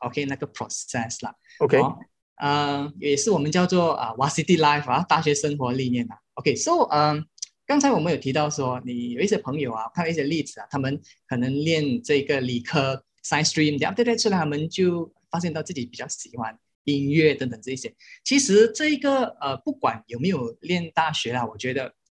OK，那個 process 啦。OK，嗯、哦呃，也是我們叫做啊 Varsity Life 啊大學生活理念啦、啊、OK，So，、okay, 嗯、呃，剛才我們有提到說，你有一些朋友啊，看了一些例子啊，他們可能練這個理科 science stream，對不對？對，出來他們就發現到自己比較喜歡音樂等等這一些。其實這一、個、呃不管有沒有練大學啦、啊，我覺得。